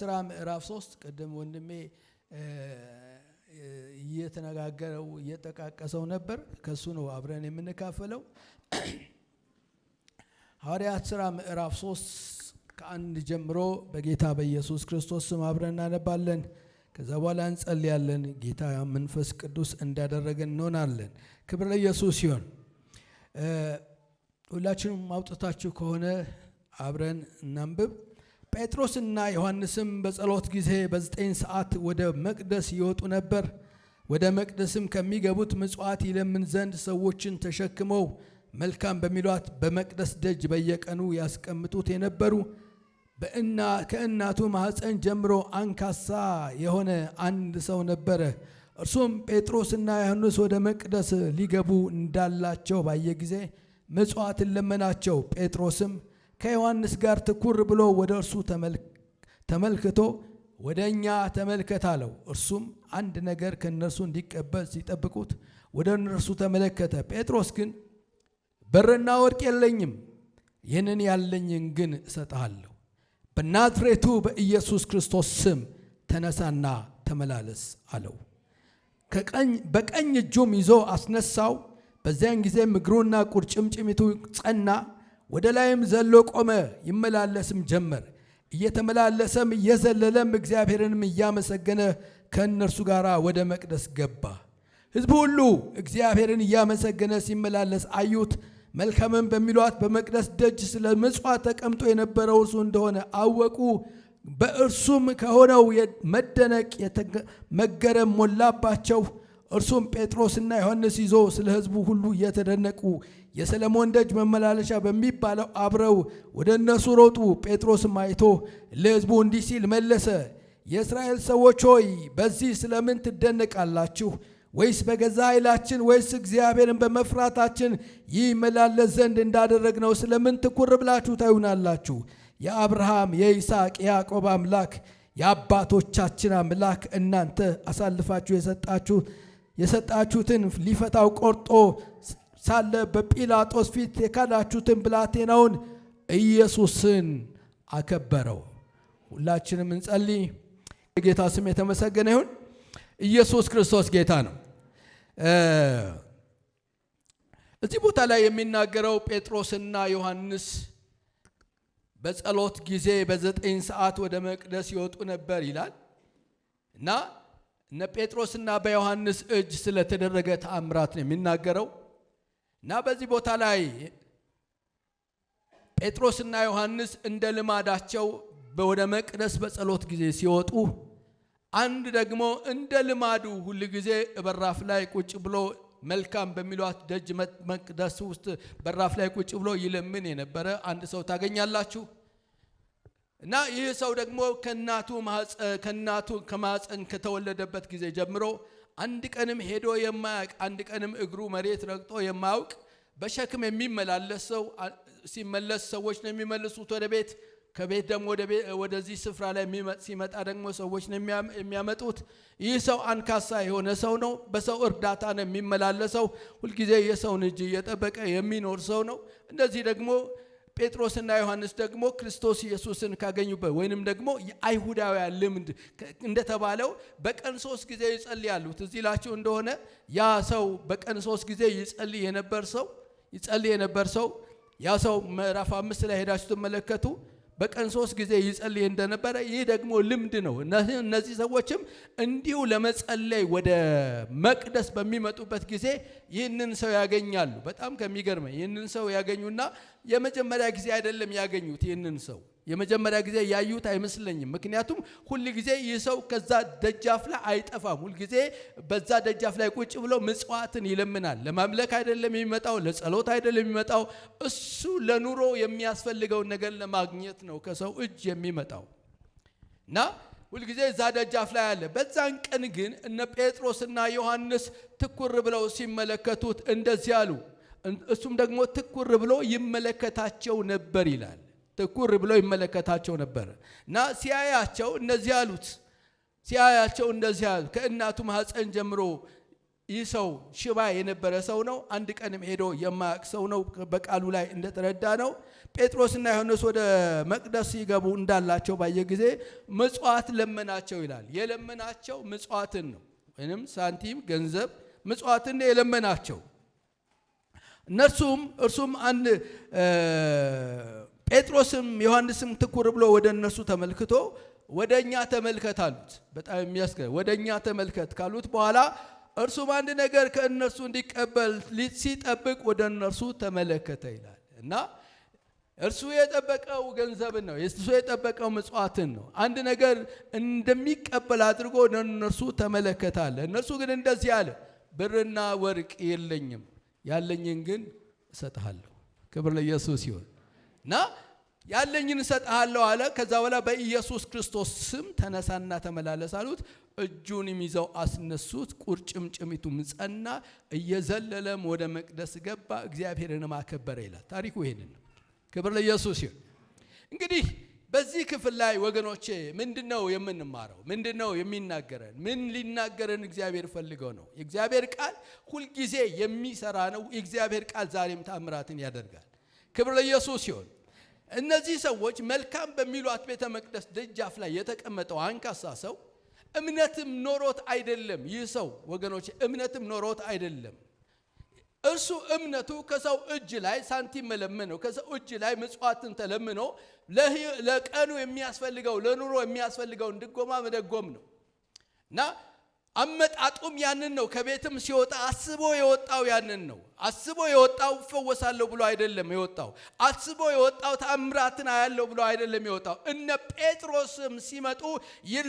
ስራ ምዕራፍ ሶስት ቅድም ወንድሜ እየተነጋገረው እየጠቃቀሰው ነበር። ከሱ ነው አብረን የምንካፈለው። ሐዋርያት ስራ ምዕራፍ ሶስት ከአንድ ጀምሮ በጌታ በኢየሱስ ክርስቶስ ስም አብረን እናነባለን። ከዛ በኋላ እንጸልያለን። ጌታ መንፈስ ቅዱስ እንዳደረገን እንሆናለን። ክብር ለኢየሱስ ሲሆን ሁላችንም አውጥታችሁ ከሆነ አብረን እናንብብ። ጴጥሮስና ዮሐንስም በጸሎት ጊዜ በዘጠኝ ሰዓት ወደ መቅደስ ይወጡ ነበር። ወደ መቅደስም ከሚገቡት ምጽዋት ይለምን ዘንድ ሰዎችን ተሸክመው መልካም በሚሏት በመቅደስ ደጅ በየቀኑ ያስቀምጡት የነበሩ ከእናቱ ማኅፀን ጀምሮ አንካሳ የሆነ አንድ ሰው ነበረ። እርሱም ጴጥሮስና ዮሐንስ ወደ መቅደስ ሊገቡ እንዳላቸው ባየ ጊዜ ምጽዋትን ለመናቸው። ጴጥሮስም ከዮሐንስ ጋር ትኩር ብሎ ወደ እርሱ ተመልክቶ ወደ እኛ ተመልከት አለው። እርሱም አንድ ነገር ከእነርሱ እንዲቀበል ሲጠብቁት ወደ እነርሱ ተመለከተ። ጴጥሮስ ግን ብርና ወርቅ የለኝም፣ ይህንን ያለኝን ግን እሰጥሃለሁ። በናዝሬቱ በኢየሱስ ክርስቶስ ስም ተነሳና ተመላለስ አለው። በቀኝ እጁም ይዞ አስነሳው። በዚያን ጊዜም እግሩና ቁርጭምጭሚቱ ጸና። ወደ ላይም ዘሎ ቆመ፣ ይመላለስም ጀመር። እየተመላለሰም እየዘለለም እግዚአብሔርንም እያመሰገነ ከእነርሱ ጋር ወደ መቅደስ ገባ። ሕዝቡ ሁሉ እግዚአብሔርን እያመሰገነ ሲመላለስ አዩት። መልካምን በሚሏት በመቅደስ ደጅ ስለ ምጽዋት ተቀምጦ የነበረው እርሱ እንደሆነ አወቁ። በእርሱም ከሆነው መደነቅ መገረም ሞላባቸው። እርሱም ጴጥሮስና ዮሐንስ ይዞ ስለ ሕዝቡ ሁሉ እየተደነቁ የሰለሞን ደጅ መመላለሻ በሚባለው አብረው ወደ እነሱ ሮጡ። ጴጥሮስም አይቶ ለሕዝቡ እንዲህ ሲል መለሰ፣ የእስራኤል ሰዎች ሆይ በዚህ ስለምን ትደነቃላችሁ? ወይስ በገዛ ኃይላችን ወይስ እግዚአብሔርን በመፍራታችን ይመላለስ ዘንድ እንዳደረግነው ስለምን ትኩር ብላችሁ ታዩናላችሁ? የአብርሃም የይስሐቅ የያዕቆብ አምላክ የአባቶቻችን አምላክ እናንተ አሳልፋችሁ የሰጣችሁትን ሊፈታው ቆርጦ ሳለ በጲላጦስ ፊት የካዳችሁትን ብላቴናውን ኢየሱስን አከበረው። ሁላችንም እንጸልይ። የጌታ ስም የተመሰገነ ይሁን። ኢየሱስ ክርስቶስ ጌታ ነው። እዚህ ቦታ ላይ የሚናገረው ጴጥሮስና ዮሐንስ በጸሎት ጊዜ በዘጠኝ ሰዓት ወደ መቅደስ ይወጡ ነበር ይላል እና እነ ጴጥሮስና በዮሐንስ እጅ ስለተደረገ ተአምራት ነው የሚናገረው። እና በዚህ ቦታ ላይ ጴጥሮስና ዮሐንስ እንደ ልማዳቸው ወደ መቅደስ በጸሎት ጊዜ ሲወጡ፣ አንድ ደግሞ እንደ ልማዱ ሁል ጊዜ በራፍ ላይ ቁጭ ብሎ መልካም በሚሏት ደጅ መቅደስ ውስጥ በራፍ ላይ ቁጭ ብሎ ይለምን የነበረ አንድ ሰው ታገኛላችሁ። እና ይህ ሰው ደግሞ ከእናቱ ከማፀን ከተወለደበት ጊዜ ጀምሮ አንድ ቀንም ሄዶ የማያውቅ አንድ ቀንም እግሩ መሬት ረግጦ የማያውቅ በሸክም የሚመላለስ ሰው ሲመለስ ሰዎች ነው የሚመልሱት ወደ ቤት። ከቤት ደግሞ ወደዚህ ስፍራ ላይ ሲመጣ ደግሞ ሰዎች ነው የሚያመጡት። ይህ ሰው አንካሳ የሆነ ሰው ነው። በሰው እርዳታ ነው የሚመላለሰው። ሁልጊዜ የሰውን እጅ እየጠበቀ የሚኖር ሰው ነው። እንደዚህ ደግሞ ጴጥሮስና ዮሐንስ ደግሞ ክርስቶስ ኢየሱስን ካገኙበት ወይንም ደግሞ የአይሁዳውያን ልምድ እንደተባለው በቀን ሶስት ጊዜ ይጸልያሉ። ትዝ ይላችሁ እንደሆነ ያ ሰው በቀን ሶስት ጊዜ ይጸልይ የነበር ሰው ይጸልይ የነበር ሰው ያ ሰው ምዕራፍ አምስት ላይ ሄዳችሁ ትመለከቱ በቀን ሶስት ጊዜ ይጸልይ እንደነበረ ይህ ደግሞ ልምድ ነው። እነዚህ ሰዎችም እንዲሁ ለመጸለይ ወደ መቅደስ በሚመጡበት ጊዜ ይህንን ሰው ያገኛሉ። በጣም ከሚገርመ ይህንን ሰው ያገኙና የመጀመሪያ ጊዜ አይደለም ያገኙት ይህንን ሰው የመጀመሪያ ጊዜ ያዩት አይመስለኝም። ምክንያቱም ሁል ጊዜ ይህ ሰው ከዛ ደጃፍ ላይ አይጠፋም። ሁል ጊዜ በዛ ደጃፍ ላይ ቁጭ ብሎ ምጽዋትን ይለምናል። ለማምለክ አይደለም የሚመጣው፣ ለጸሎት አይደለም የሚመጣው። እሱ ለኑሮ የሚያስፈልገውን ነገር ለማግኘት ነው ከሰው እጅ የሚመጣው እና ሁልጊዜ እዛ ደጃፍ ላይ አለ። በዛን ቀን ግን እነ ጴጥሮስና ዮሐንስ ትኩር ብለው ሲመለከቱት እንደዚህ አሉ። እሱም ደግሞ ትኩር ብሎ ይመለከታቸው ነበር ይላል። ትኩር ብሎ ይመለከታቸው ነበር እና ሲያያቸው እነዚህ አሉት ሲያያቸው እንደዚህ አሉት። ከእናቱ ማኅፀን ጀምሮ ይህ ሰው ሽባ የነበረ ሰው ነው። አንድ ቀንም ሄዶ የማያውቅ ሰው ነው። በቃሉ ላይ እንደተረዳ ነው። ጴጥሮስና ዮሐንስ ወደ መቅደስ ሲገቡ እንዳላቸው ባየ ጊዜ ምጽዋት ለመናቸው ይላል። የለመናቸው ምጽዋትን ነው፣ ወይም ሳንቲም ገንዘብ ምጽዋትን የለመናቸው እነርሱም እርሱም አንድ ጴጥሮስም ዮሐንስም ትኩር ብሎ ወደ እነርሱ ተመልክቶ ወደ እኛ ተመልከት አሉት። በጣም የሚያስገ ወደ እኛ ተመልከት ካሉት በኋላ እርሱም አንድ ነገር ከእነርሱ እንዲቀበል ሲጠብቅ ወደ እነርሱ ተመለከተ ይላል እና እርሱ የጠበቀው ገንዘብን ነው። እርሱ የጠበቀው ምጽዋትን ነው። አንድ ነገር እንደሚቀበል አድርጎ ወደ እነርሱ ተመለከታለ። እነርሱ ግን እንደዚህ አለ፣ ብርና ወርቅ የለኝም ያለኝን ግን እሰጥሃለሁ። ክብር ለኢየሱስ ይሁን እና ያለኝን እሰጥሃለሁ አለ። ከዛ በኋላ በኢየሱስ ክርስቶስ ስም ተነሳና ተመላለስ አሉት። እጁን ይዘው አስነሱት። ቁርጭምጭሚቱም ጸና፣ እየዘለለም ወደ መቅደስ ገባ፣ እግዚአብሔርንም አከበረ ይላል ታሪኩ። ይሄንን ነው። ክብር ለኢየሱስ ይሁን እንግዲህ በዚህ ክፍል ላይ ወገኖቼ ምንድነው የምንማረው? ምንድነው የሚናገረን? ምን ሊናገረን እግዚአብሔር ፈልገው ነው? የእግዚአብሔር ቃል ሁልጊዜ የሚሰራ ነው። የእግዚአብሔር ቃል ዛሬም ታምራትን ያደርጋል። ክብር ለኢየሱስ ሲሆን እነዚህ ሰዎች መልካም በሚሏት ቤተ መቅደስ ደጃፍ ላይ የተቀመጠው አንካሳ ሰው እምነትም ኖሮት አይደለም። ይህ ሰው ወገኖች እምነትም ኖሮት አይደለም። እርሱ እምነቱ ከሰው እጅ ላይ ሳንቲም መለመነው፣ ከሰው እጅ ላይ ምጽዋትን ተለምኖ ለቀኑ የሚያስፈልገው ለኑሮ የሚያስፈልገውን ድጎማ መደጎም ነው እና አመጣጡም ያንን ነው። ከቤትም ሲወጣ አስቦ የወጣው ያንን ነው። አስቦ የወጣው እፈወሳለሁ ብሎ አይደለም የወጣው። አስቦ የወጣው ታምራትን አያለሁ ብሎ አይደለም የወጣው። እነ ጴጥሮስም ሲመጡ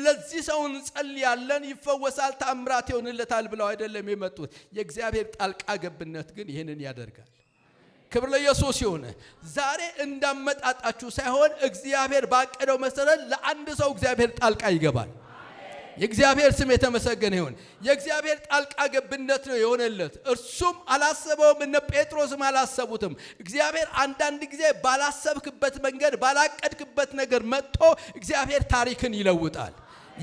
ለዚህ ሰው እንጸልያለን፣ ይፈወሳል፣ ታምራት ይሆንለታል ብለው አይደለም የመጡት። የእግዚአብሔር ጣልቃ ገብነት ግን ይህንን ያደርጋል። ክብር ለኢየሱስ ይሁን። ዛሬ እንዳመጣጣችሁ ሳይሆን እግዚአብሔር ባቀደው መሰረት ለአንድ ሰው እግዚአብሔር ጣልቃ ይገባል። የእግዚአብሔር ስም የተመሰገነ ይሁን። የእግዚአብሔር ጣልቃ ገብነት ነው የሆነለት። እርሱም አላሰበውም፣ እነ ጴጥሮስም አላሰቡትም። እግዚአብሔር አንዳንድ ጊዜ ባላሰብክበት መንገድ፣ ባላቀድክበት ነገር መጥቶ እግዚአብሔር ታሪክን ይለውጣል።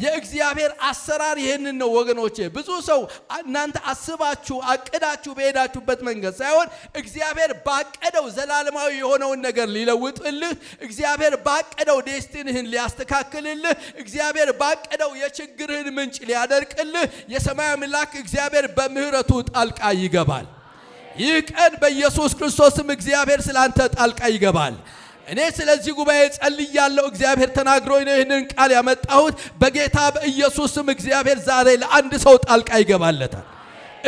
የእግዚአብሔር አሰራር ይህንን ነው ወገኖቼ። ብዙ ሰው እናንተ አስባችሁ አቅዳችሁ በሄዳችሁበት መንገድ ሳይሆን እግዚአብሔር ባቀደው ዘላለማዊ የሆነውን ነገር ሊለውጥልህ፣ እግዚአብሔር ባቀደው ዴስቲንህን ሊያስተካክልልህ፣ እግዚአብሔር ባቀደው የችግርህን ምንጭ ሊያደርቅልህ የሰማይ አምላክ እግዚአብሔር በምህረቱ ጣልቃ ይገባል። ይህ ቀን በኢየሱስ ክርስቶስም እግዚአብሔር ስለአንተ ጣልቃ ይገባል። እኔ ስለዚህ ጉባኤ ጸልያለሁ። እግዚአብሔር ተናግሮኝ ነው ይህንን ቃል ያመጣሁት። በጌታ በኢየሱስም እግዚአብሔር ዛሬ ለአንድ ሰው ጣልቃ ይገባለታል።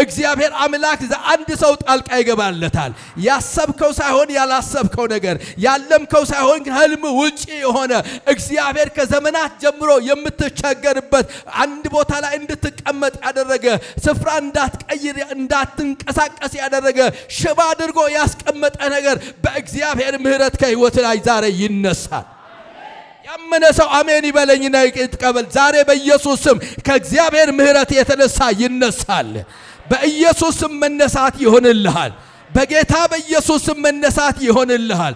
እግዚአብሔር አምላክ አንድ ሰው ጣልቃ ይገባለታል። ያሰብከው ሳይሆን ያላሰብከው ነገር፣ ያለምከው ሳይሆን ህልም ውጪ የሆነ እግዚአብሔር ከዘመናት ጀምሮ የምትቸገርበት አንድ ቦታ ላይ እንድትቀመጥ ያደረገ ስፍራ እንዳትቀይር እንዳትንቀሳቀስ ያደረገ ሽባ አድርጎ ያስቀመጠ ነገር በእግዚአብሔር ምሕረት ከህይወት ላይ ዛሬ ይነሳል። ያመነ ሰው አሜን ይበለኝና ይቀበል። ዛሬ በኢየሱስ ስም ከእግዚአብሔር ምሕረት የተነሳ ይነሳል። በኢየሱስም መነሳት ይሆንልሃል። በጌታ በኢየሱስም መነሳት ይሆንልሃል።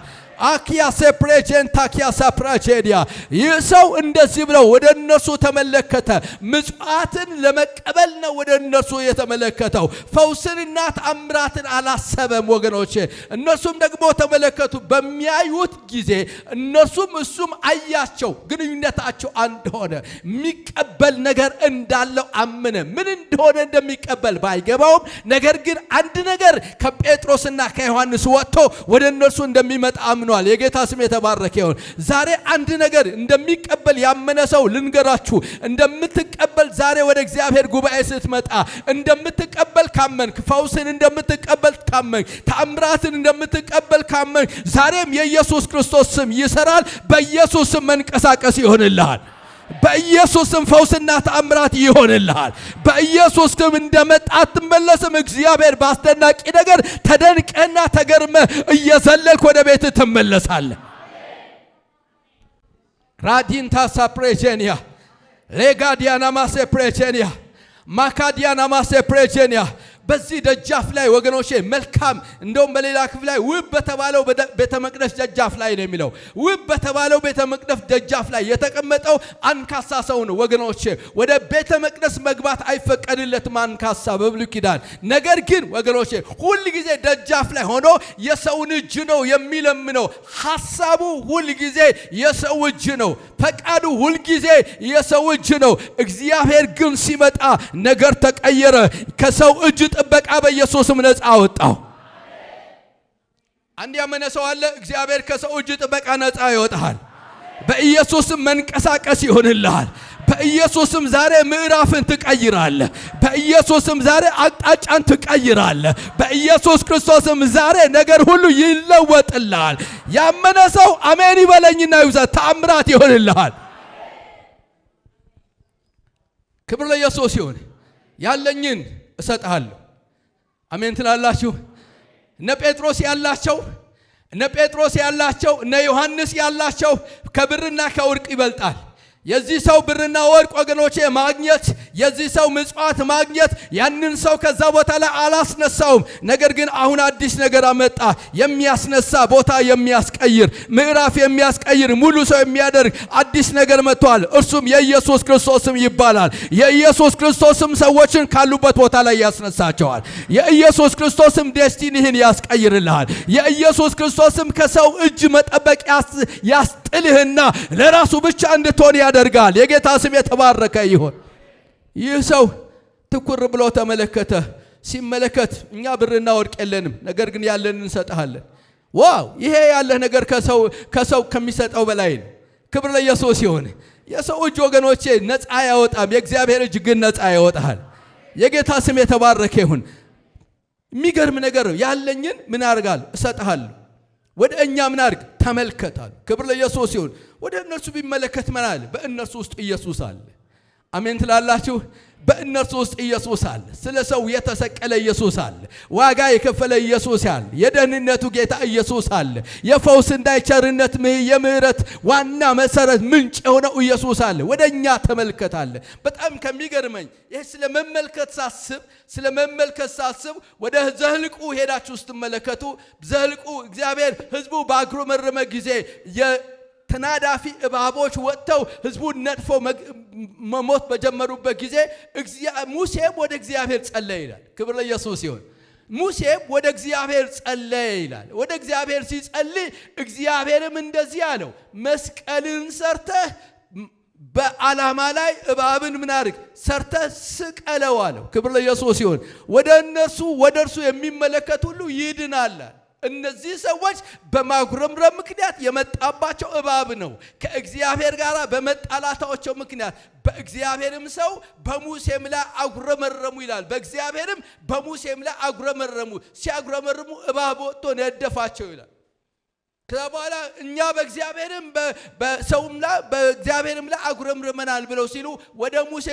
አኪያሴ ፕሬጀንት አኪያሳ ፕራጄዲያ ይህ ሰው እንደዚህ ብለው ወደ እነርሱ ተመለከተ። ምጽዋትን ለመቀበል ነው ወደ እነርሱ የተመለከተው። ፈውስንና ተአምራትን አላሰበም ወገኖቼ። እነርሱም ደግሞ ተመለከቱ። በሚያዩት ጊዜ እነርሱም እሱም አያቸው። ግንኙነታቸው አንድ ሆነ። የሚቀበል ነገር እንዳለው አምነ ምን እንደሆነ እንደሚቀበል ባይገባውም፣ ነገር ግን አንድ ነገር ከጴጥሮስና ከዮሐንስ ወጥቶ ወደ እነርሱ እንደሚመጣ አምኖ አምኗል። የጌታ ስም የተባረከ ይሁን። ዛሬ አንድ ነገር እንደሚቀበል ያመነ ሰው ልንገራችሁ፣ እንደምትቀበል ዛሬ ወደ እግዚአብሔር ጉባኤ ስትመጣ እንደምትቀበል ካመንክ፣ ፈውስን እንደምትቀበል ካመንክ፣ ታምራትን እንደምትቀበል ካመንክ፣ ዛሬም የኢየሱስ ክርስቶስ ስም ይሰራል። በኢየሱስ ስም መንቀሳቀስ ይሆንልሃል። በኢየሱስም ፈውስና ተአምራት ይሆንልሃል። በኢየሱስም እንደመጣ አትመለስም። እግዚአብሔር በአስደናቂ ነገር ተደንቀና ተገርመ እየዘለልክ ወደ ቤት ትመለሳለህ። ራዲንታሳ ፕሬቼንያ ሌጋዲያናማሴ ፕሬቼንያ ማካዲያናማሴ ፕሬቼንያ በዚህ ደጃፍ ላይ ወገኖቼ መልካም እንደውም በሌላ ክፍል ላይ ውብ በተባለው ቤተ መቅደስ ደጃፍ ላይ ነው የሚለው። ውብ በተባለው ቤተ መቅደስ ደጃፍ ላይ የተቀመጠው አንካሳ ሰው ነው ወገኖቼ። ወደ ቤተ መቅደስ መግባት አይፈቀድለትም አንካሳ በብሉ ኪዳን። ነገር ግን ወገኖቼ ሁል ጊዜ ደጃፍ ላይ ሆኖ የሰውን እጅ ነው የሚለምነው። ሀሳቡ ሁል ጊዜ የሰው እጅ ነው። ፈቃዱ ሁል ጊዜ የሰው እጅ ነው። እግዚአብሔር ግን ሲመጣ ነገር ተቀየረ ከሰው እጅ ጥበቃ በኢየሱስም ነፃ አወጣው። አንድ ያመነ ሰው አለ። እግዚአብሔር ከሰው እጅ ጥበቃ ነፃ ይወጣሃል። በኢየሱስም መንቀሳቀስ ይሆንልሃል። በኢየሱስም ዛሬ ምዕራፍን ትቀይራለህ። በኢየሱስም ዛሬ አቅጣጫን ትቀይራለህ። በኢየሱስ ክርስቶስም ዛሬ ነገር ሁሉ ይለወጥልሃል። ያመነ ሰው አሜን ይበለኝና ይውዛ ተአምራት ይሆንልሃል። ክብር ለኢየሱስ ይሁን። ያለኝን እሰጥሃለሁ። አሜን ትላላችሁ። እነ ጴጥሮስ ያላቸው እነ ጴጥሮስ ያላቸው እነ ዮሐንስ ያላቸው ከብርና ከወርቅ ይበልጣል። የዚህ ሰው ብርና ወርቅ ወገኖቼ ማግኘት የዚህ ሰው ምጽዋት ማግኘት ያንን ሰው ከዛ ቦታ ላይ አላስነሳውም። ነገር ግን አሁን አዲስ ነገር አመጣ። የሚያስነሳ ቦታ የሚያስቀይር ምዕራፍ የሚያስቀይር ሙሉ ሰው የሚያደርግ አዲስ ነገር መጥቷል። እርሱም የኢየሱስ ክርስቶስም ይባላል። የኢየሱስ ክርስቶስም ሰዎችን ካሉበት ቦታ ላይ ያስነሳቸዋል። የኢየሱስ ክርስቶስም ዴስቲኒህን ያስቀይርልሃል። የኢየሱስ ክርስቶስም ከሰው እጅ መጠበቅ ያስ እንዲጥልህና ለራሱ ብቻ እንድትሆን ያደርጋል። የጌታ ስም የተባረከ ይሆን ይህ ሰው ትኩር ብሎ ተመለከተ። ሲመለከት እኛ ብርና ወርቅ የለንም፣ ነገር ግን ያለንን እንሰጥሃለን። ዋው! ይሄ ያለህ ነገር ከሰው ከሚሰጠው በላይ ነው። ክብር ለኢየሱስ ይሁን። የሰው እጅ ወገኖቼ ነፃ አያወጣም፣ የእግዚአብሔር እጅ ግን ነፃ ያወጣሃል። የጌታ ስም የተባረከ ይሁን። የሚገርም ነገር ያለኝን ምን አርጋል እሰጥሃለሁ ወደ እኛ ምን አድርግ ተመልከታል። ክብር ለኢየሱስ ይሁን። ወደ እነርሱ ቢመለከት ምን አለ? በእነርሱ ውስጥ ኢየሱስ አለ። አሜን ትላላችሁ። በእነርሱ ውስጥ ኢየሱስ አለ። ስለ ሰው የተሰቀለ ኢየሱስ አለ። ዋጋ የከፈለ ኢየሱስ አለ። የደህንነቱ ጌታ ኢየሱስ አለ። የፈውስ እንዳይቸርነት የምህረት ዋና መሰረት ምንጭ የሆነው ኢየሱስ አለ። ወደ እኛ ተመልከታለ። በጣም ከሚገርመኝ ይህ ስለ መመልከት ሳስብ ስለ መመልከት ሳስብ ወደ ዘህልቁ ሄዳችሁ ስትመለከቱ ዘህልቁ እግዚአብሔር ህዝቡ መረመ ጊዜ ተናዳፊ እባቦች ወጥተው ህዝቡን ነጥፈው መሞት በጀመሩበት ጊዜ ሙሴም ወደ እግዚአብሔር ጸለየ ይላል። ክብር ለኢየሱስ ይሁን። ሙሴም ወደ እግዚአብሔር ጸለየ ይላል። ወደ እግዚአብሔር ሲጸልይ እግዚአብሔርም እንደዚህ አለው፣ መስቀልን ሰርተህ በዓላማ ላይ እባብን ምን አድርግ ሰርተህ ስቀለው አለው። ክብር ለኢየሱስ ይሁን። ወደ እነርሱ ወደ እርሱ የሚመለከት ሁሉ ይድናል። እነዚህ ሰዎች በማጉረምረም ምክንያት የመጣባቸው እባብ ነው። ከእግዚአብሔር ጋር በመጣላታቸው ምክንያት በእግዚአብሔርም ሰው በሙሴም ላይ አጉረመረሙ ይላል። በእግዚአብሔርም በሙሴም ላይ አጉረመረሙ። ሲያጉረመርሙ እባብ ወጥቶ ነደፋቸው ይላል። ከዛ በኋላ እኛ በእግዚአብሔርም በሰውም ላይ በእግዚአብሔርም ላይ አጉረምርመናል ብለው ሲሉ ወደ ሙሴ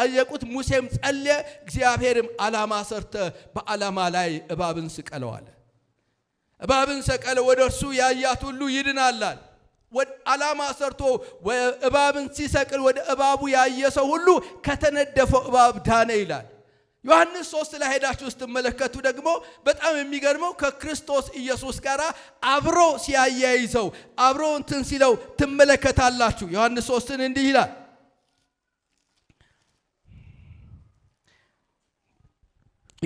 ጠየቁት። ሙሴም ጸለየ። እግዚአብሔርም ዓላማ ሰርተ በዓላማ ላይ እባብን ስቀለዋለ እባብን ሰቀለ ወደ እርሱ ያያት ሁሉ ይድናላል። ዓላማ ሰርቶ እባብን ሲሰቅል ወደ እባቡ ያየ ሰው ሁሉ ከተነደፈው እባብ ዳነ ይላል። ዮሐንስ ሶስት ላይ ሄዳችሁ ስትመለከቱ ደግሞ በጣም የሚገርመው ከክርስቶስ ኢየሱስ ጋር አብሮ ሲያያይዘው አብሮ እንትን ሲለው ትመለከታላችሁ። ዮሐንስ ሶስትን እንዲህ ይላል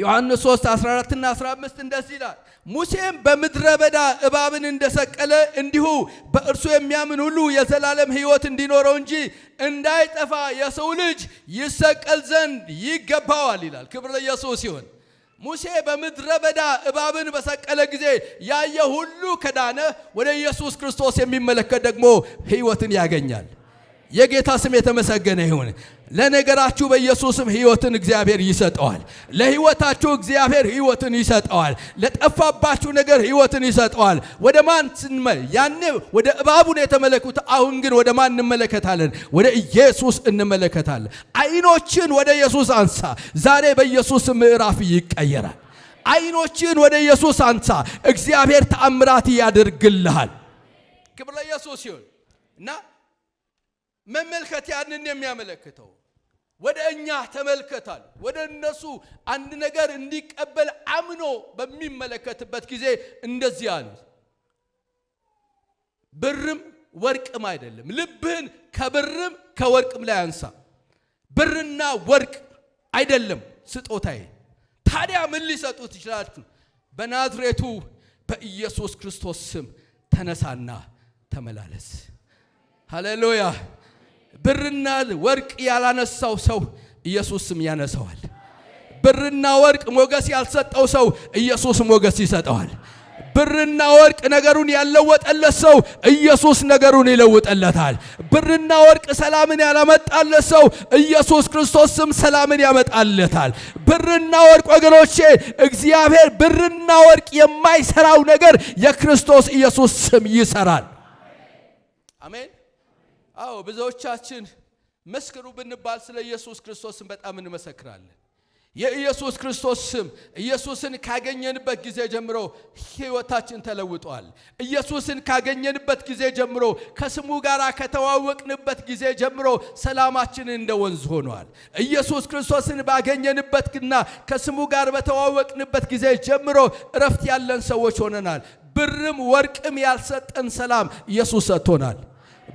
ዮሐንስ 3 14 እና 15 እንደዚህ ይላል፣ ሙሴም በምድረ በዳ እባብን እንደሰቀለ እንዲሁ በእርሱ የሚያምን ሁሉ የዘላለም ሕይወት እንዲኖረው እንጂ እንዳይጠፋ የሰው ልጅ ይሰቀል ዘንድ ይገባዋል ይላል። ክብር ለኢየሱስ ይሁን። ሙሴ በምድረ በዳ እባብን በሰቀለ ጊዜ ያየ ሁሉ ከዳነ፣ ወደ ኢየሱስ ክርስቶስ የሚመለከት ደግሞ ሕይወትን ያገኛል። የጌታ ስም የተመሰገነ ይሁን። ለነገራችሁ በኢየሱስም ሕይወትን እግዚአብሔር ይሰጠዋል። ለሕይወታችሁ እግዚአብሔር ሕይወትን ይሰጠዋል። ለጠፋባችሁ ነገር ሕይወትን ይሰጠዋል። ወደ ማን ስንመል ያኔ ወደ እባቡን የተመለኩት፣ አሁን ግን ወደ ማን እንመለከታለን? ወደ ኢየሱስ እንመለከታለን። አይኖችን ወደ ኢየሱስ አንሳ። ዛሬ በኢየሱስ ምዕራፍ ይቀየራል። አይኖችን ወደ ኢየሱስ አንሳ። እግዚአብሔር ተአምራት ያደርግልሃል። ክብር ለኢየሱስ ይሁን እና መመልከት ያንን የሚያመለክተው ወደ እኛ ተመልከታል። ወደ እነሱ አንድ ነገር እንዲቀበል አምኖ በሚመለከትበት ጊዜ እንደዚህ አሉት፣ ብርም ወርቅም አይደለም። ልብህን ከብርም ከወርቅም ላይ አንሳ። ብርና ወርቅ አይደለም ስጦታዬ። ታዲያ ምን ሊሰጡት ይችላችሁ? በናዝሬቱ በኢየሱስ ክርስቶስ ስም ተነሳና ተመላለስ። ሃሌሉያ ብርና ወርቅ ያላነሳው ሰው ኢየሱስም ያነሳዋል። ብርና ወርቅ ሞገስ ያልሰጠው ሰው ኢየሱስ ሞገስ ይሰጠዋል። ብርና ወርቅ ነገሩን ያልለወጠለት ሰው ኢየሱስ ነገሩን ይለውጠለታል። ብርና ወርቅ ሰላምን ያላመጣለት ሰው ኢየሱስ ክርስቶስም ሰላምን ያመጣለታል። ብርና ወርቅ ወገኖቼ፣ እግዚአብሔር ብርና ወርቅ የማይሰራው ነገር የክርስቶስ ኢየሱስ ስም ይሰራል። አሜን። አዎ ብዙዎቻችን መስክሩ ብንባል ስለ ኢየሱስ ክርስቶስን በጣም እንመሰክራለን። የኢየሱስ ክርስቶስ ስም ኢየሱስን ካገኘንበት ጊዜ ጀምሮ ሕይወታችን ተለውጧል። ኢየሱስን ካገኘንበት ጊዜ ጀምሮ ከስሙ ጋር ከተዋወቅንበት ጊዜ ጀምሮ ሰላማችን እንደ ወንዝ ሆኗል። ኢየሱስ ክርስቶስን ባገኘንበትና ከስሙ ጋር በተዋወቅንበት ጊዜ ጀምሮ እረፍት ያለን ሰዎች ሆነናል። ብርም ወርቅም ያልሰጠን ሰላም ኢየሱስ ሰጥቶናል።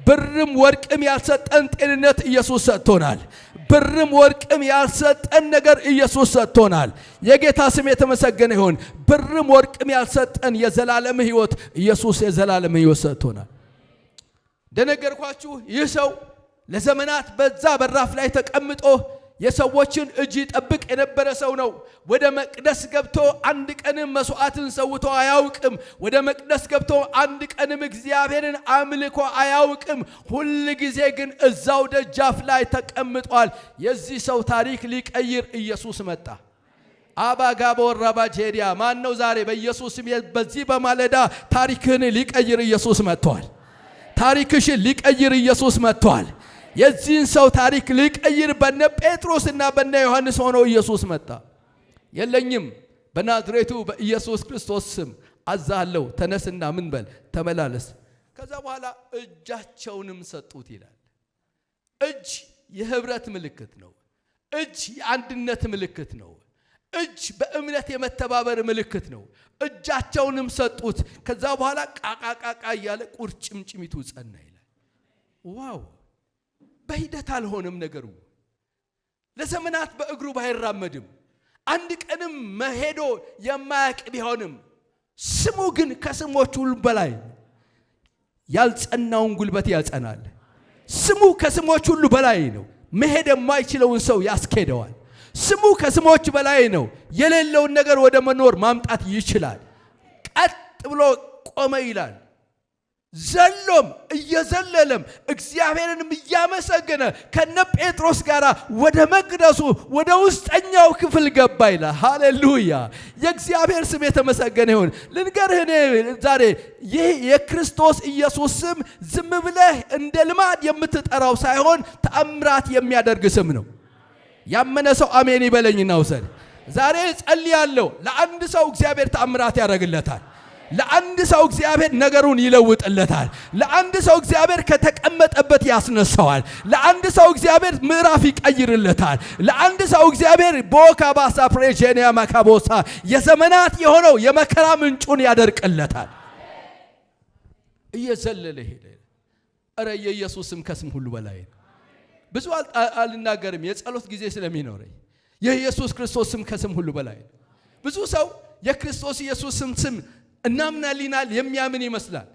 ብርም ወርቅም ያልሰጠን ጤንነት ኢየሱስ ሰጥቶናል። ብርም ወርቅም ያልሰጠን ነገር ኢየሱስ ሰጥቶናል። የጌታ ስም የተመሰገነ ይሁን። ብርም ወርቅም ያልሰጠን የዘላለም ሕይወት ኢየሱስ የዘላለም ሕይወት ሰጥቶናል። እንደነገርኳችሁ ይህ ሰው ለዘመናት በዛ በራፍ ላይ ተቀምጦ የሰዎችን እጅ ጠብቅ የነበረ ሰው ነው። ወደ መቅደስ ገብቶ አንድ ቀንም መስዋዕትን ሰውቶ አያውቅም። ወደ መቅደስ ገብቶ አንድ ቀንም እግዚአብሔርን አምልኮ አያውቅም። ሁል ጊዜ ግን እዛው ደጃፍ ላይ ተቀምጧል። የዚህ ሰው ታሪክ ሊቀይር ኢየሱስ መጣ። አባ ጋቦር ራባጄዲያ ማን ነው ዛሬ በኢየሱስም በዚህ በማለዳ ታሪክህን ሊቀይር ኢየሱስ መጥቷል። ታሪክሽን ሊቀይር ኢየሱስ መጥቷል። የዚህን ሰው ታሪክ ሊቀይር በነ ጴጥሮስና በነ ዮሐንስ ሆኖ ኢየሱስ መጣ። የለኝም በናዝሬቱ በኢየሱስ ክርስቶስ ስም አዛለው ተነስና ምን በል ተመላለስ። ከዛ በኋላ እጃቸውንም ሰጡት ይላል። እጅ የህብረት ምልክት ነው። እጅ የአንድነት ምልክት ነው። እጅ በእምነት የመተባበር ምልክት ነው። እጃቸውንም ሰጡት። ከዛ በኋላ ቃቃቃቃ እያለ ቁርጭምጭሚቱ ጸና ይላል። ዋው በሂደት አልሆነም ነገሩ። ለዘመናት በእግሩ ባይራመድም አንድ ቀንም መሄዶ የማያቅ ቢሆንም ስሙ ግን ከስሞች ሁሉ በላይ ያልጸናውን ጉልበት ያጸናል። ስሙ ከስሞች ሁሉ በላይ ነው። መሄድ የማይችለውን ሰው ያስኬደዋል። ስሙ ከስሞች በላይ ነው። የሌለውን ነገር ወደ መኖር ማምጣት ይችላል። ቀጥ ብሎ ቆመ ይላል። ዘሎም እየዘለለም እግዚአብሔርንም እያመሰገነ ከነ ጴጥሮስ ጋር ወደ መቅደሱ ወደ ውስጠኛው ክፍል ገባ ይላል። ሃሌሉያ! የእግዚአብሔር ስም የተመሰገነ ይሁን። ልንገርህ እኔ ዛሬ ይህ የክርስቶስ ኢየሱስ ስም ዝም ብለህ እንደ ልማድ የምትጠራው ሳይሆን ተአምራት የሚያደርግ ስም ነው። ያመነ ሰው አሜን ይበለኝና ውሰድ። ዛሬ ጸልያለሁ፣ ለአንድ ሰው እግዚአብሔር ተአምራት ያደርግለታል። ለአንድ ሰው እግዚአብሔር ነገሩን ይለውጥለታል። ለአንድ ሰው እግዚአብሔር ከተቀመጠበት ያስነሳዋል። ለአንድ ሰው እግዚአብሔር ምዕራፍ ይቀይርለታል። ለአንድ ሰው እግዚአብሔር ቦካባሳ ባሳ ፕሬጄኒያ ማካቦሳ የዘመናት የሆነው የመከራ ምንጩን ያደርቅለታል። እየዘለለ ሄደ። እረ የኢየሱስ ስም ከስም ሁሉ በላይ ብዙ አልናገርም፣ የጸሎት ጊዜ ስለሚኖረኝ የኢየሱስ ክርስቶስ ስም ከስም ሁሉ በላይ ብዙ ሰው የክርስቶስ ኢየሱስም ስም እናምናሊናል የሚያምን ይመስላል።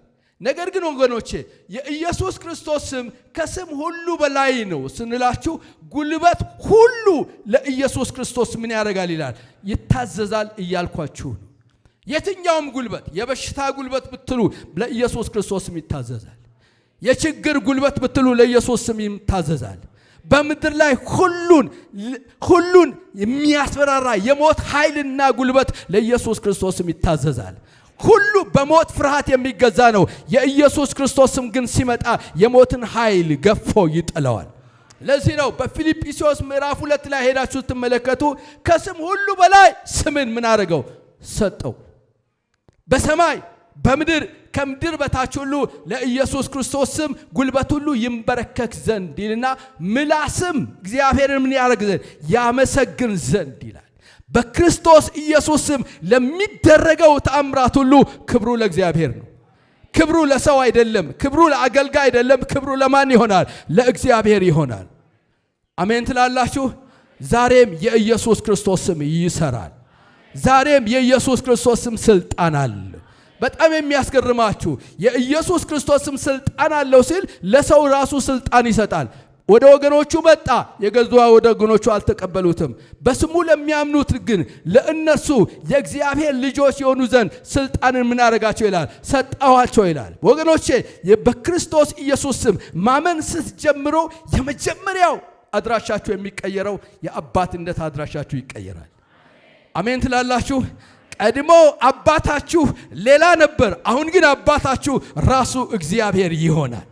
ነገር ግን ወገኖቼ የኢየሱስ ክርስቶስ ስም ከስም ሁሉ በላይ ነው ስንላችሁ ጉልበት ሁሉ ለኢየሱስ ክርስቶስ ምን ያደርጋል ይላል ይታዘዛል እያልኳችሁ ነው። የትኛውም ጉልበት የበሽታ ጉልበት ብትሉ ለኢየሱስ ክርስቶስም ይታዘዛል። የችግር ጉልበት ብትሉ ለኢየሱስ ስም ይታዘዛል። በምድር ላይ ሁሉን ሁሉን የሚያስፈራራ የሞት ኃይልና ጉልበት ለኢየሱስ ክርስቶስም ይታዘዛል። ሁሉ በሞት ፍርሃት የሚገዛ ነው። የኢየሱስ ክርስቶስም ግን ሲመጣ የሞትን ኃይል ገፎ ይጥለዋል። ለዚህ ነው በፊልጵስዩስ ምዕራፍ ሁለት ላይ ሄዳችሁ ስትመለከቱ ከስም ሁሉ በላይ ስምን ምን አደረገው ሰጠው። በሰማይ በምድር ከምድር በታች ሁሉ ለኢየሱስ ክርስቶስ ስም ጉልበት ሁሉ ይንበረከክ ዘንድ ይልና ምላስም እግዚአብሔርን ምን ያደረግ ዘንድ ያመሰግን ዘንድ ይላል። በክርስቶስ ኢየሱስ ስም ለሚደረገው ተአምራት ሁሉ ክብሩ ለእግዚአብሔር ነው። ክብሩ ለሰው አይደለም። ክብሩ ለአገልጋይ አይደለም። ክብሩ ለማን ይሆናል? ለእግዚአብሔር ይሆናል። አሜን ትላላችሁ? ዛሬም የኢየሱስ ክርስቶስ ስም ይሰራል። ዛሬም የኢየሱስ ክርስቶስ ስም ስልጣን አለ። በጣም የሚያስገርማችሁ የኢየሱስ ክርስቶስ ስም ስልጣን አለው ሲል ለሰው ራሱ ስልጣን ይሰጣል። ወደ ወገኖቹ መጣ፣ የገዛ ወደ ወገኖቹ አልተቀበሉትም። በስሙ ለሚያምኑት ግን ለእነሱ የእግዚአብሔር ልጆች የሆኑ ዘንድ ስልጣንን ምን አረጋቸው ይላል? ሰጣኋቸው ይላል። ወገኖቼ በክርስቶስ ኢየሱስ ስም ማመን ስትጀምሮ የመጀመሪያው አድራሻችሁ የሚቀየረው የአባትነት አድራሻችሁ ይቀየራል። አሜን ትላላችሁ። ቀድሞ አባታችሁ ሌላ ነበር፣ አሁን ግን አባታችሁ ራሱ እግዚአብሔር ይሆናል።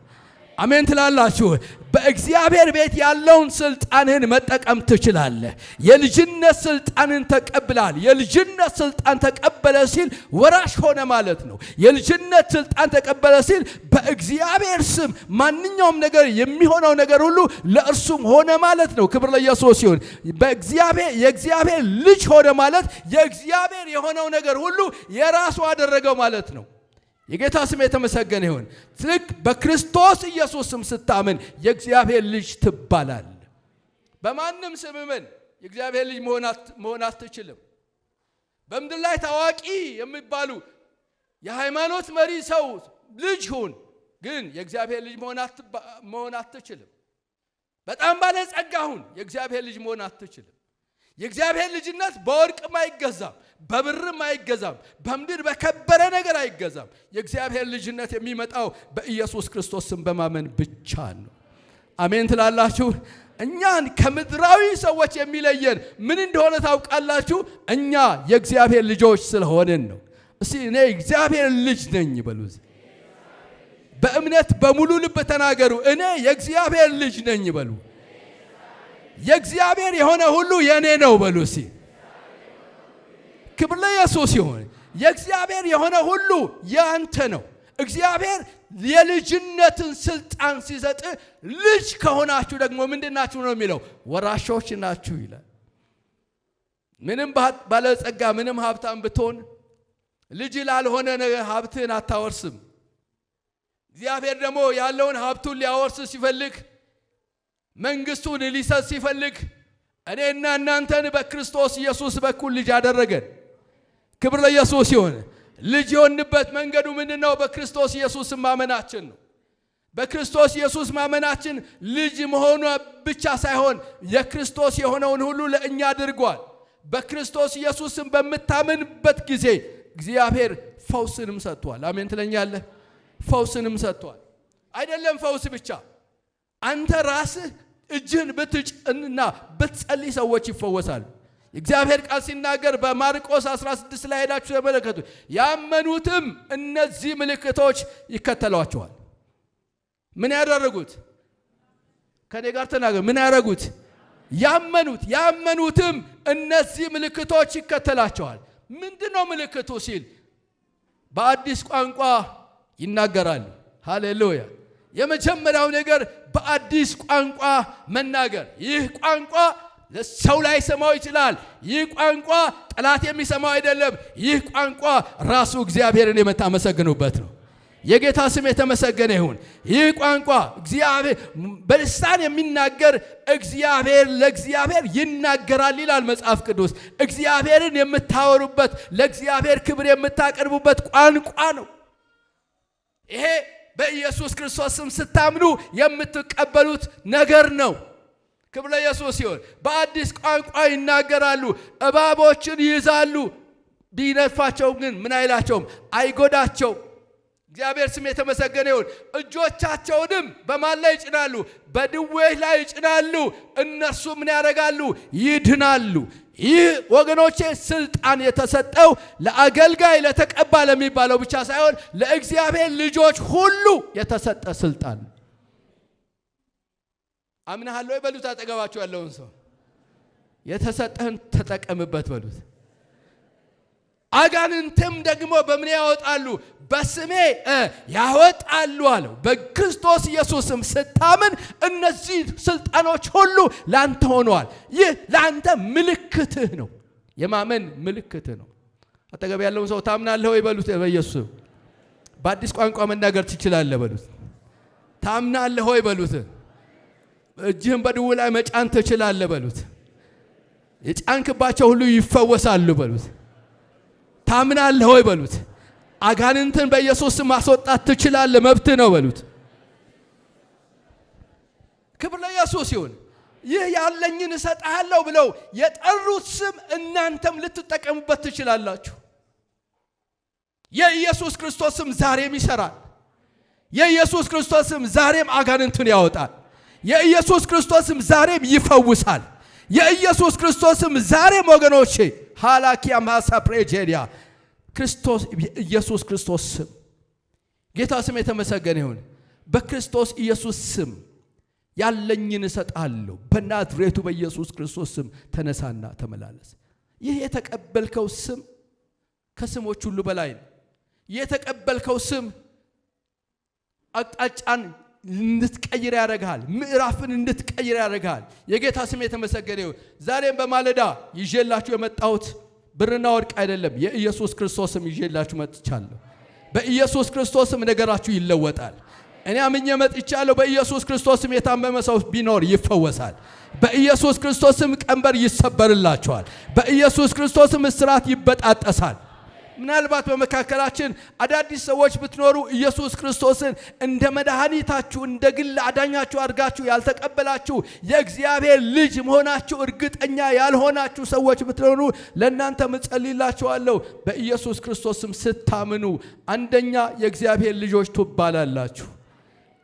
አሜን ትላላችሁ። በእግዚአብሔር ቤት ያለውን ስልጣንህን መጠቀም ትችላለህ። የልጅነት ስልጣንን ተቀብላል። የልጅነት ስልጣን ተቀበለ ሲል ወራሽ ሆነ ማለት ነው። የልጅነት ስልጣን ተቀበለ ሲል በእግዚአብሔር ስም ማንኛውም ነገር የሚሆነው ነገር ሁሉ ለእርሱም ሆነ ማለት ነው። ክብር ለኢየሱስ ይሁን። በእግዚአብሔር የእግዚአብሔር ልጅ ሆነ ማለት የእግዚአብሔር የሆነው ነገር ሁሉ የራሱ አደረገው ማለት ነው። የጌታ ስም የተመሰገነ ይሁን። ልክ በክርስቶስ ኢየሱስ ስም ስታምን የእግዚአብሔር ልጅ ትባላል። በማንም ስም ምን የእግዚአብሔር ልጅ መሆን አትችልም። በምድር ላይ ታዋቂ የሚባሉ የሃይማኖት መሪ ሰው ልጅ ሁን፣ ግን የእግዚአብሔር ልጅ መሆን አትችልም። በጣም ባለጸጋ ሁን፣ የእግዚአብሔር ልጅ መሆን አትችልም። የእግዚአብሔር ልጅነት በወርቅም አይገዛም፣ በብርም አይገዛም፣ በምድር በከበረ ነገር አይገዛም። የእግዚአብሔር ልጅነት የሚመጣው በኢየሱስ ክርስቶስን በማመን ብቻ ነው። አሜን ትላላችሁ? እኛን ከምድራዊ ሰዎች የሚለየን ምን እንደሆነ ታውቃላችሁ? እኛ የእግዚአብሔር ልጆች ስለሆንን ነው። እስቲ እኔ እግዚአብሔር ልጅ ነኝ በሉ። በእምነት በሙሉ ልብ ተናገሩ። እኔ የእግዚአብሔር ልጅ ነኝ በሉ። የእግዚአብሔር የሆነ ሁሉ የእኔ ነው በሉ እስኪ። ክብር ለኢየሱስ ይሁን። የእግዚአብሔር የሆነ ሁሉ የአንተ ነው። እግዚአብሔር የልጅነትን ስልጣን ሲሰጥ ልጅ ከሆናችሁ ደግሞ ምንድን ናችሁ ነው የሚለው? ወራሾች ናችሁ ይላል። ምንም ባለጸጋ ምንም ሀብታም ብትሆን ልጅ ላልሆነ ሀብትህን አታወርስም። እግዚአብሔር ደግሞ ያለውን ሀብቱን ሊያወርስ ሲፈልግ መንግስቱን ሊሰጥ ሲፈልግ እኔና እናንተን በክርስቶስ ኢየሱስ በኩል ልጅ አደረገን። ክብር ለኢየሱስ ይሁን። ልጅ የሆንበት መንገዱ ምንድነው ነው? በክርስቶስ ኢየሱስ ማመናችን ነው። በክርስቶስ ኢየሱስ ማመናችን ልጅ መሆኗ ብቻ ሳይሆን የክርስቶስ የሆነውን ሁሉ ለእኛ አድርጓል። በክርስቶስ ኢየሱስም በምታምንበት ጊዜ እግዚአብሔር ፈውስንም ሰጥቷል። አሜን ትለኛለህ። ፈውስንም ሰጥቷል። አይደለም ፈውስ ብቻ አንተ ራስህ እጅን ብትጭንና ብትጸልይ ሰዎች ይፈወሳል። እግዚአብሔር ቃል ሲናገር በማርቆስ 16 ላይ ሄዳችሁ ተመለከቱ። ያመኑትም እነዚህ ምልክቶች ይከተሏቸዋል። ምን ያደረጉት? ከእኔ ጋር ተናገር። ምን ያደረጉት? ያመኑት። ያመኑትም እነዚህ ምልክቶች ይከተላቸዋል። ምንድን ነው ምልክቱ ሲል በአዲስ ቋንቋ ይናገራሉ። ሃሌሉያ የመጀመሪያው ነገር በአዲስ ቋንቋ መናገር። ይህ ቋንቋ ሰው ሰማው ይችላል። ይህ ቋንቋ ጠላት የሚሰማው አይደለም። ይህ ቋንቋ ራሱ እግዚአብሔርን የምታመሰግኑበት ነው። የጌታ ስም የተመሰገነ ይሁን። ይህ ቋንቋ እግዚአብሔር በልሳን የሚናገር እግዚአብሔር ለእግዚአብሔር ይናገራል ይላል መጽሐፍ ቅዱስ። እግዚአብሔርን የምታወሩበት ለእግዚአብሔር ክብር የምታቀርቡበት ቋንቋ ነው ይሄ በኢየሱስ ክርስቶስ ስም ስታምኑ የምትቀበሉት ነገር ነው። ክብለ ኢየሱስ ሲሆን በአዲስ ቋንቋ ይናገራሉ፣ እባቦችን ይይዛሉ። ቢነድፋቸው ግን ምን አይላቸውም፣ አይጎዳቸው። እግዚአብሔር ስም የተመሰገነ ይሁን። እጆቻቸውንም በማን ላይ ይጭናሉ? በድዌ ላይ ይጭናሉ። እነርሱ ምን ያደርጋሉ? ይድናሉ። ይህ ወገኖቼ ስልጣን የተሰጠው ለአገልጋይ ለተቀባ ለሚባለው ብቻ ሳይሆን ለእግዚአብሔር ልጆች ሁሉ የተሰጠ ስልጣን ነው። አምናሃል ወይ? በሉት አጠገባቸው ያለውን ሰው የተሰጠህን ተጠቀምበት በሉት። አጋንንትም ደግሞ በምን ያወጣሉ? በስሜ ያወጣሉ አለው። በክርስቶስ ኢየሱስም ስታምን እነዚህ ስልጣኖች ሁሉ ላንተ ሆነዋል። ይህ ለአንተ ምልክትህ ነው፣ የማመን ምልክትህ ነው። አጠገብ ያለውን ሰው ታምናለህ ወይ በሉት። በኢየሱስ በአዲስ ቋንቋ መናገር ትችላለህ በሉት። ታምናለህ ወይ በሉት። እጅህን በድው ላይ መጫን ትችላለህ በሉት። የጫንክባቸው ሁሉ ይፈወሳሉ በሉት። ታምናለህ ወይ በሉት። አጋንንትን በኢየሱስ ማስወጣት ትችላለህ፣ መብት ነው በሉት። ክብር ለኢየሱስ ይሁን። ይህ ያለኝን እሰጥሃለሁ ብለው የጠሩት ስም እናንተም ልትጠቀሙበት ትችላላችሁ። የኢየሱስ ክርስቶስም ዛሬም ይሰራል። የኢየሱስ ክርስቶስም ዛሬም አጋንንትን ያወጣል። የኢየሱስ ክርስቶስም ዛሬም ይፈውሳል። የኢየሱስ ክርስቶስም ዛሬም ወገኖቼ ሃላኪያ ማሳ ፕሬጄሪያ ክርስቶስ ኢየሱስ ክርስቶስ ስም ጌታ ስም የተመሰገነ ይሁን። በክርስቶስ ኢየሱስ ስም ያለኝን እሰጣለሁ። በናዝሬቱ በኢየሱስ ክርስቶስ ስም ተነሳና ተመላለስ። ይህ የተቀበልከው ስም ከስሞች ሁሉ በላይ ነው። የተቀበልከው ስም አቅጣጫን እንድትቀይር ያደርግሃል። ምዕራፍን እንድትቀይር ያደርግሃል። የጌታ ስም የተመሰገነ ይሁን። ዛሬም በማለዳ ይዤላችሁ የመጣሁት ብርና ወርቅ አይደለም፣ የኢየሱስ ክርስቶስም ይዤላችሁ መጥቻለሁ። በኢየሱስ ክርስቶስም ነገራችሁ ይለወጣል። እኔ አምኜ መጥቻለሁ። በኢየሱስ ክርስቶስም የታመመ ሰው ቢኖር ይፈወሳል። በኢየሱስ ክርስቶስም ቀንበር ይሰበርላችኋል። በኢየሱስ ክርስቶስም እስራት ይበጣጠሳል። ምናልባት በመካከላችን አዳዲስ ሰዎች ብትኖሩ ኢየሱስ ክርስቶስን እንደ መድኃኒታችሁ እንደ ግል አዳኛችሁ አድርጋችሁ ያልተቀበላችሁ የእግዚአብሔር ልጅ መሆናችሁ እርግጠኛ ያልሆናችሁ ሰዎች ብትኖሩ ለእናንተ ምጸልይላችኋለሁ። በኢየሱስ ክርስቶስም ስታምኑ አንደኛ የእግዚአብሔር ልጆች ትባላላችሁ፣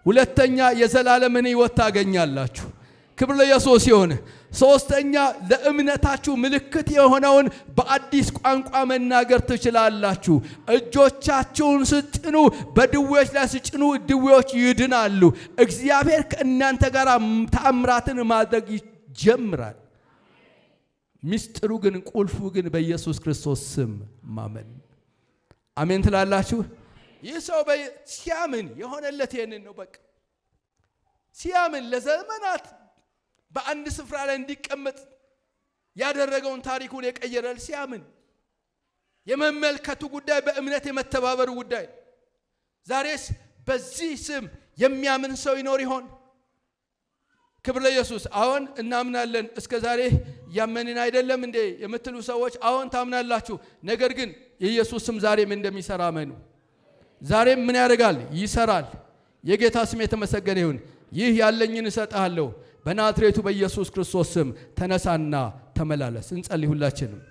ሁለተኛ የዘላለምን ሕይወት ታገኛላችሁ። ክብር ለኢየሱስ ይሆን። ሶስተኛ ለእምነታችሁ ምልክት የሆነውን በአዲስ ቋንቋ መናገር ትችላላችሁ። እጆቻችሁን ስጭኑ፣ በድዌዎች ላይ ስጭኑ፣ ድዌዎች ይድናሉ። እግዚአብሔር ከእናንተ ጋር ተአምራትን ማድረግ ይጀምራል። ሚስጥሩ ግን ቁልፉ ግን በኢየሱስ ክርስቶስ ስም ማመን። አሜን ትላላችሁ። ይህ ሰው ሲያምን የሆነለት ይህንን ነው። በቃ ሲያምን ለዘመናት በአንድ ስፍራ ላይ እንዲቀመጥ ያደረገውን ታሪኩን የቀየረል ሲያምን የመመልከቱ ጉዳይ በእምነት የመተባበሩ ጉዳይ። ዛሬስ በዚህ ስም የሚያምን ሰው ይኖር ይሆን? ክብር ለኢየሱስ። አሁን እናምናለን። እስከ ዛሬ ያመንን አይደለም እንዴ የምትሉ ሰዎች አሁን ታምናላችሁ። ነገር ግን የኢየሱስ ስም ዛሬም እንደሚሰራ መኑ። ዛሬም ምን ያደርጋል? ይሰራል። የጌታ ስም የተመሰገነ ይሁን። ይህ ያለኝን እሰጥሃለሁ በናዝሬቱ በኢየሱስ ክርስቶስ ስም ተነሳና ተመላለስ። እንጸልይ ሁላችንም።